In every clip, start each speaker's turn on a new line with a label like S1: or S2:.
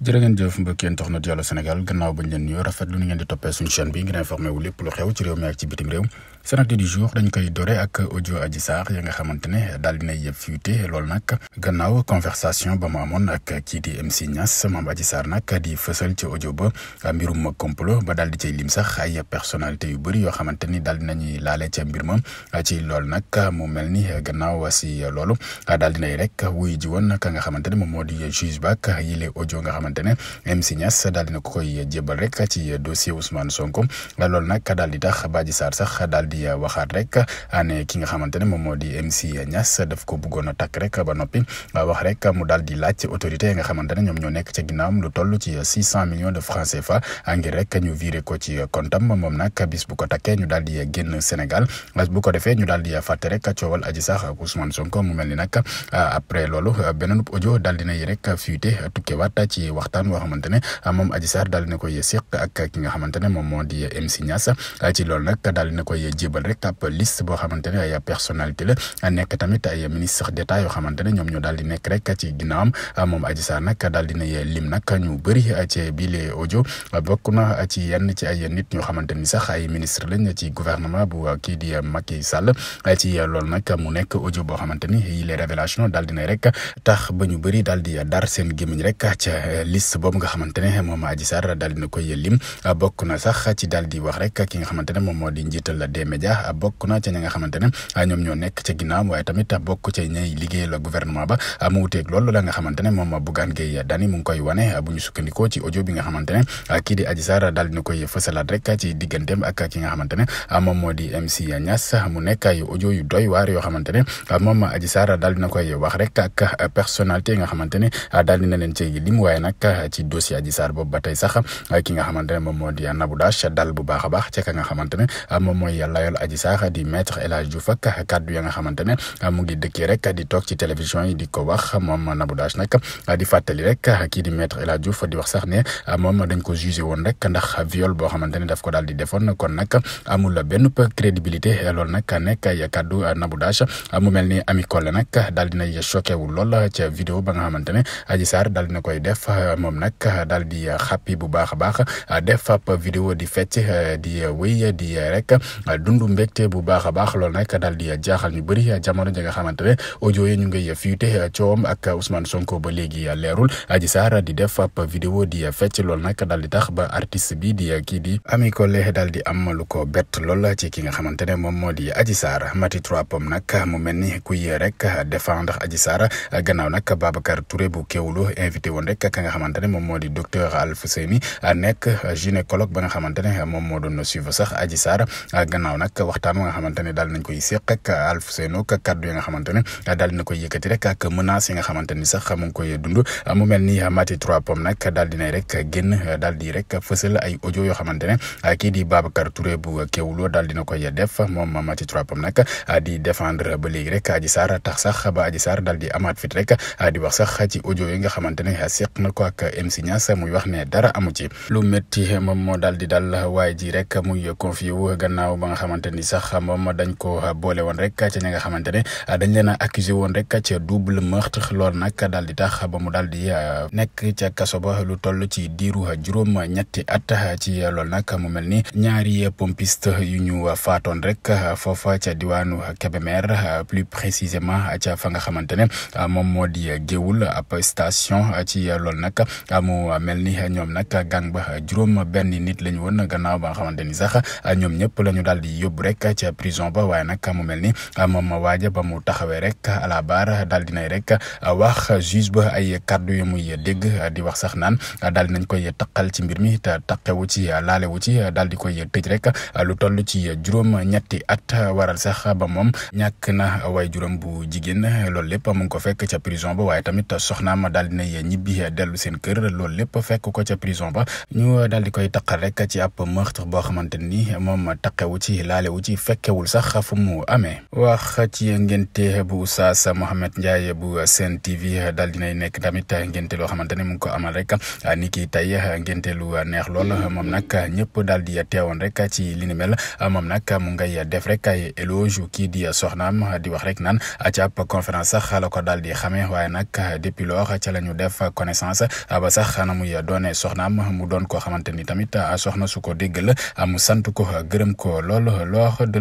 S1: jërë ngeen jëf mbokk yéen na Allô Sénégal gannaaw bañ leen nuyu rafet lu ni ngeen di toppee suñu chaîne bi ngeen informé wu lépp lu xew ci réew mi ak bitim réew sénateur du jour dañ koy dore ak audio Adji Sarr ya nga xamante ne daal dina yëpp fuité loolu nag gannaaw conversation ba mu amoon ak kii di MC Niass moom Adji Sarr nag di fësal ci audio ba mbirum complot ba daal di cay lim sax ay personnalité yu bëri yoo xamante ni daal dinañuy laale ca mbir ma ci loolu nag mu mel ni gannaaw a si loolu daal dinay rek wuy ji woon ka nga xamante ne moom moo di juge ba ak yile ojo nga xamante ne MC Niass daal na ko koy jébal rek ci dossier Ousmane Sonko loolu nag daal di tax ba Adji Sarr sax daal di waxaat rek ne ki nga xamante ne moom moo di MC Niass daf ko bëggoon a takk rek ba noppi wax rek mu daal di laaj autorité yi nga xamante ne ñoom ñoo nekk ca ginnaawam lu toll ci six cent millions de rek ñu ko ci kontam moom nag bis bu ko takkee ñu daal di génn Sénégal bu ko defee ñu daal di fàtte rek coowal aji sax ak Ousmane mu mel ni nag après loolu beneen audio daal di nay rek fuité tukkewaat ci waxtaan woo xamante ne moom aji sax daal na koy seq ak ki nga xamante ne moom moo di MC Niass ci loolu nag daal di na koy jébal rek ab liste boo xamante ne a personnalité la nekk tamit ay ministre d'état yoo xamante ne ñoom ñoo daal di nekk rek a ginnaawam moom Adji Sarr nag daal di nay lim ci bile audio bokk ba ñu bëri daal di dar seen gémmiñ rek ca liste boobu nga xamante ne moom Adji Sarr a di na koy lim bokk na sax ci daal wax rek ki nga xamante moom moo di njiital dem média bokk na ca ña nga xamante ne ah, ñoom ñoo nekk ca ginnaaw waaye tamit bokk ca ñay liggéeyal gouvernement ba ah, mu wuteeg loolu la nga xamante ne moom Bougane Gueye Dany mu ngi koy wane ah, bu ñu sukkandikoo ci audio bi nga xamante ne kii di Adji Sarr daal dina koy fësalaat rek ci digganteem ak ki nga xamante ne moom moo di MC Niass mu nekk ay audio yu doy waar yoo xamante ne moom Adji Sarr daal dina koy wax rek ak personnalité nga xamante ne daal dina leen ci lim waaye nag ci dossier Adji Sarr ba tey sax ki nga xamante ne moom moo di Nabou Dash dal bu baax bax baax a ka nga xamante ne moom mooy layal aji sax di maître El Hadj Diouf ak kaddu ya nga xamante di toog ci télévision yi di ko wax moom Nabou Dash nag di fàttali rek kii di maître El Hadj Diouf di wax sax ne moom dañ ko jugé woon rek ndax viol boo xamante ne daf ko daal di defoon kon nag amul benn crédibilité loolu nag nekk ya kaddu Nabou Dash mu mel ni Ami Collé nag daal dina choqué wu lool ca vidéo ba a xamante ne Adji Sarr daal dina koy def moom nag daal di xàppi bu baax a baax def ab vidéo di fecc di wéy di rek. dund mbégte bu baax a baax loolu nag daal di jaaxal ñu bëri jamono ji nga xamante ne audio a ñu ngay a coowam ak Ousmane Sonko ba léegi leerul Adji Sarr di def ab vidéo di fecc loolu nag daal di tax ba artiste bi di kii di Ami Collé daal di am lu ko bett lool ci ki nga xamante ne moom moo di Adji Sarr Mati Trois Pommes nag mu mel ni kuy rek défendre Adji Sarr gannaaw nag Babacar Touré bu Kéwoulo invité woon rek ka nga xamante ne moom moo di docteur Alfouseyni nekk gynécologue ba nga xamante ne moom moo doon suivre sax Adji Sarr nag waxtaan wa nga xamante ne daal nañ koy séq ak Alfousseynou ak kaddu yi a xamante ne daal dina koy yëkkati rek a menaces yi nga xamante ni sax mu ngi koy dund mu mel ni Maty Trois Pommes nag daal dinay rek di rek a ay audio yoo xamante ne kii di Babacar Touré bu Kewoulo daal dina koy def ba léegi rek Adji Sarr tax sax ba Adji Sarr daal di amaat fit rek di wax sax ci audio yi nga xamante ne séq na ko ak MC Niass muy wax ne dara a ci lu métti moom moo daal di daal waaye ji rek muy confié wu gannaaw ba nga xam xamante ni sax moom dañ ko boole woon rek ca ña nga xamante ne dañ leen a accusé woon rek ca double meurtre nag daal di tax ba mu daal di euh, nekk ca kaso ba lu toll ci diiru juróom ñetti at ci loolu nag mu mel ni ñaari pompiste yu ñu faatoon rek foofa ca diwaanu Kébémer plus précisément ca fa nga xamante ne moom moo di géewul ab ci loolu nag mel ni ñoom nag gang ba juróom benn nit la ñu woon gannaaw ba nga xamante ni sax ñoom ñëpp la ñu yóbbu rek ca prison ba waaye nag mu mel ni moom waaja ba mu taxawee rek à la barre daal dinay rek wax juge ba ay kàddu yu muy dégg di wax sax naan daal dinañ koy taqal ci mbir mi te ci laalewu ci daal di koy tëj rek lu ci juróom-ñetti at waral sax ba moom ñàkk na waay juróom bu jigéen loolu lépp mu ngi ko fekk ca prison ba waaye tamit soxnaam daal dinay ñibbi dellu seen kër loolu lépp fekk ko ca prison ba ñu daal di koy taqal rek ci ab meurtre boo xamante moom taqewu ci ji wu ci fekkewul sax fu mu amee wax ci ngénte bu Oustaz Mouhamed Ndiaye bu Sen TV daal dinay nekk tamit ngénte loo xamante ne mu ngi ko amal rek ni ki tey ngénte lu neex lool moom nag ñëpp dal di teewoon rek ci li ni moom nag mu ngay def rek ay éloge kii di soxnaam di wax rek naan ci ab conférence sax la ko daal di xamee waaye nag depuis lors ca la ñu def connaissance aba sax na muy doone soxnaam mu doon koo xamante ni tamit soxna su ko dégg la mu sant ko gërëm ko lool lool lors de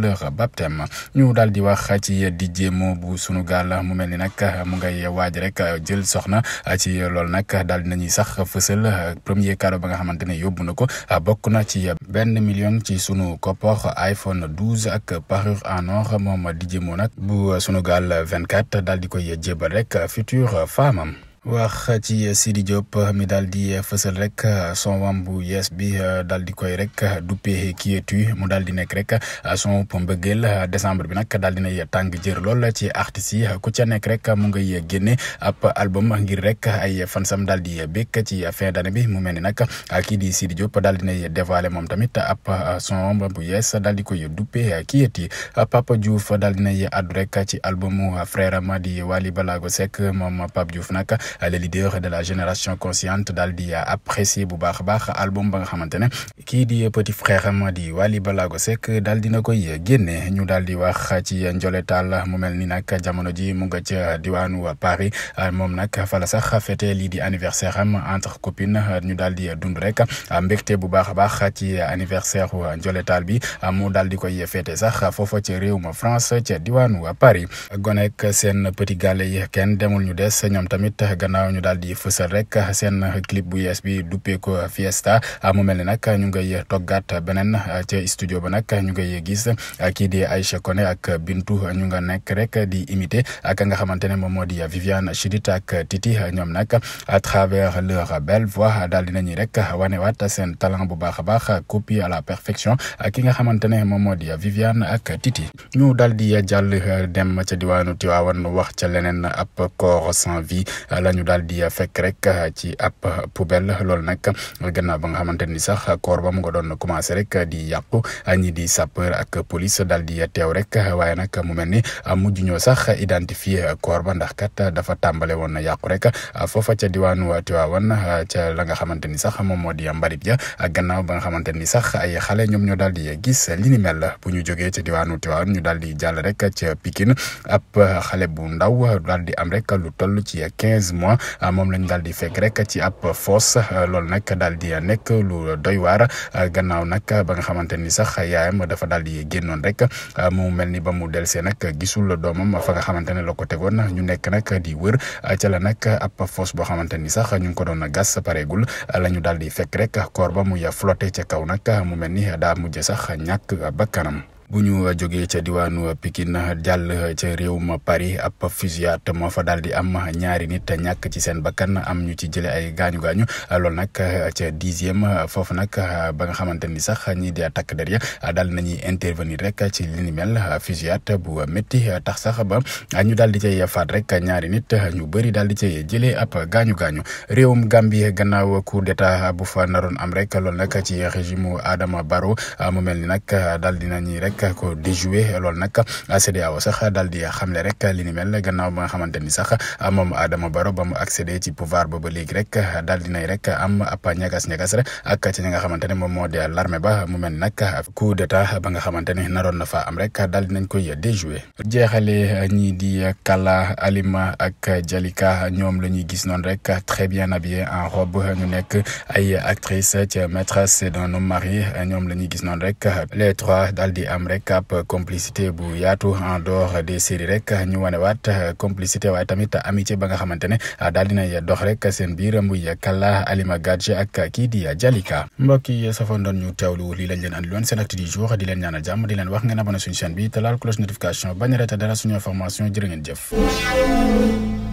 S1: ñu daal di wax ci Didier Mo bu sunu gaal mu mel ni nag mu ngay waaj rek jël soxna ci loolu nag daal di nañuy sax fësal premier cadeau ba nga xamante ne yóbbu na ko bokk na ci benn million ci sunu koppar iPhone 12 ak parure en or moom Didier Mo nag bu sunu gaal 24 daal di koy jébal rek future femme am wax ci Sidi Diop euh, mi daal di euh, fësal rek euh, son wam bu yees bi daal di koy rek duppee kietu mu daal di nekk rek son mbëggeel décembre bi nag daal di nay tàng jër lool ci artistes yi ku ca nekk rek mu ngay génne ab album ngir rek ay fansam daal di békk ci fin d'année bi mu mel ni nag kii di Sidi Diop daal di nay dévoilé moom tamit ab son bu yees daal di koy duppee kietu Papa Diouf daal di nay àddu rek ci albumu frère di wali Balago Seck moom Pape Diouf nag. le leader de la génération consciente daal di apprécier bu baax a baax album ba nga xamante ne kii di petit frère ma di Wally Ballago Seck daal dina koy génne ñu daal di wax ci njoletaal mu mel ni nag jamono ji mu nga ca diwaanu Paris moom nag fala sax fête lii di anniversaire am entre copines ñu dal di dund rek mbégte bu baax a baax ci anniversaire u njoletaal bi mu daal di koy fête sax foofa ca réew ma France ca diwaanu Paris gonek seen petit gàlle yi kenn demul gannaaw ñu daal di fësal rek seen clip bu yees bi duppee ko Fiesta mu mel ni nag ñu ngay toggaat beneen ca studio ba nag ñu ngay gis kii di Aïcha Koné ak Bintu ñu nga nekk rek di imité ak nga xamante ne moom moo di Viviane Chidid ak Titi ñoom nag à travers leur belle voix daal di nañu rek wanewaat seen talent bu baax a baax copie à la perfection ki nga xamante ne moom moo di Viviane ak Titi ñu daal di jàll dem ca diwaanu Tivaouane wax ca leneen ab corps sans vie la ñu daal di fekk rek ah, ci ab poubelle loolu nag gannaaw ba nga xamante ni sax koor ba mu nga doon na commencé rek di yàqu ah, ñi di sapeur ak police dal di teew rek ah, waaye nag mu mel ni mujj ñoo sax identifier koor ba ndax kat dafa tàmbale woon na yàqu rek foofa ca diwaanu Tiwaawan ca la nga xamante ni sax moom moo di mbalit ja gannaaw ba nga xamante ni sax ay xale ñoom ñoo daal di gis li ni mel bu ñu jógee ca diwaanu Tiwaawan ñu daal di jàll rek ca pikin ab xale bu ndaw daal di am rek lu toll ci quinze mois ah, moom lañ daal di fekk rek ci ab foos ah, loolu nag daal di nekk lu doy waar ah, gannaaw nag ba nga xamante ni sax yaayam dafa daal di génnoon rek mu mel ni ba mu delsee nag gisul doomam fa nga xamante ne la ko tegoon ñu nekk nag di wër ca la nag ab foos boo xamante ni sax ñu ngi ko doon a gas pareegul la ñu daal di fekk rek koor ba muy flotté ca kaw nag mu mel ni daa mujj sax ñàkk bakkanam bu ñu jógee ca diwaanu Pikine jàll ca réewum Paris ab fusillade moo fa daal di am ñaari nit ñàkk ci seen bakkan am ñu ci jëlee ay gaañu gaañu loolu nag ca dixième foofu nag ba nga xamante ni sax ñii di takk der ya daal nañuy intervenir rek ci li ni mel fusillade bu métti tax sax ba ñu daal di cay faat rek ñaari nit ñu bëri daal di cay jëlee ab gaañu réewum Gambie gannaaw coup d'état bu fa naroon am rek loolu nag ci régime Adama Barrow mu mel ni nag daal di na nañuy rek. rek ko déjoué loolu nag CEDEAO sax daal di xamle rek li ni mel ba nga xamante ni sax moom Adama Barrow ba mu accédé ci pouvoir ba ba léegi rek daal di moo di l'armée ba ba nga xamante ne naroon na faa am rek daal di nañ koy déjoué jeexale ñii di Kala Alima ak Jalika ñoom la ñuy gis noonu rek très bien habillé en robe ñu nekk ay actrice ci maîtresse d'un homme marié ñoom la ñuy gis noonu rek les trois daal di am rek ab complicité bu yaatu en doox des séries rek ñu wane waat complicité waaye tamit amitié ba nga xamante ne daal dinay dox rek seen biir muy Kalla Alima Gadji ak kii di Jalika mbokk yi safoon doon ñu teewlu lii lañ leen andi woon seen acte du jour di leen jàmm di leen wax ngeen abonné suñu chaîne bi te laal cloche notification bañ a dara suñu information jërë jëf